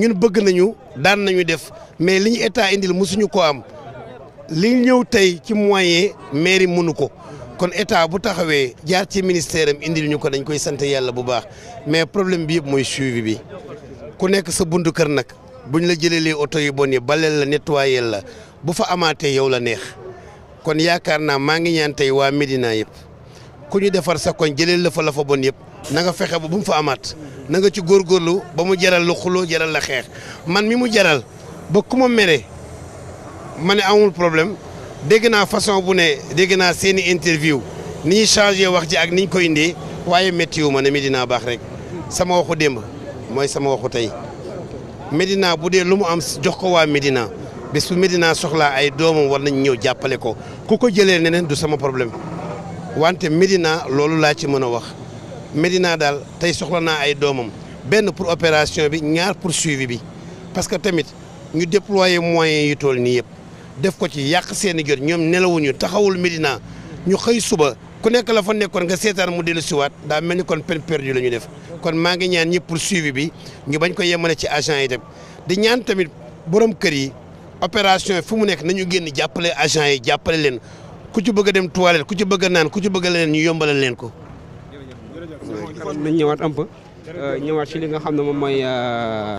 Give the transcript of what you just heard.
ñun bëgg nañu daan nañu def mais li ñu état indil mosuñu ko am li ñëw tey ci moyen mairie mënu ko kon état bu taxawee jaar ci ministère indi indil ñu ko dañ koy sant yàlla bu baax mais problème bi yëpp mooy suive bi ku nekk sa buntu kër nag buñ la jëlelee oto yi bon yi baleel la nettoyé la bu fa amaatee yow la neex kon yaakaar naa maa ngi ñaan tey waa Médina yëpp. ku ñu defar sa koñ jëlee la fa la bon yëpp nanga nga fexe ba bu mu fa amaat na nga ci góorlu ba mu jaral la xuloo jaral la xeex man mi mu jaral ba ku ma mere ma ne amul problème dégg naa façon bu ne dégg naa seeni interview ni ñu changé wax ji ak ni ñu ko indee waaye méttiwu ma ne Médina baax rek sama waxu démb mooy sama waxu tey Médina bu dee lu mu am jox ko waa Médina bés bu Médina soxlaa ay doomam war nañ ñëw jàppale ko ku ko jëlee neneen du sama problème wante Médina loolu laa ci mën a wax Médina daal tey soxla naa ay doomam benn pour opération bi ñaar pour suivi bi parce que tamit ñu déployer moyens yu tool nii yëpp def ko ci yàq seen i jot ñoom nelawuñu taxawul Médina ñu xëy suba ku nekk la fa nekkoon nga seetaan mu dellu siwaat daa mel ni kon peine perdue la ñu def kon maa ngi ñaan ñëpp pour suivi bi ñu bañ ko yemale ci agent yi dem di ñaan tamit borom kër yi opération fu mu nekk nañu génn jàppale agent yi jàppale leen ku ci bëgg a dem toilette ku ci bëgg naan ku ci bëgg leen ñu yombalal leen ko. nañ ñëwaat un peu euh, ñëwaat si li nga xam ne moom mooy. Euh,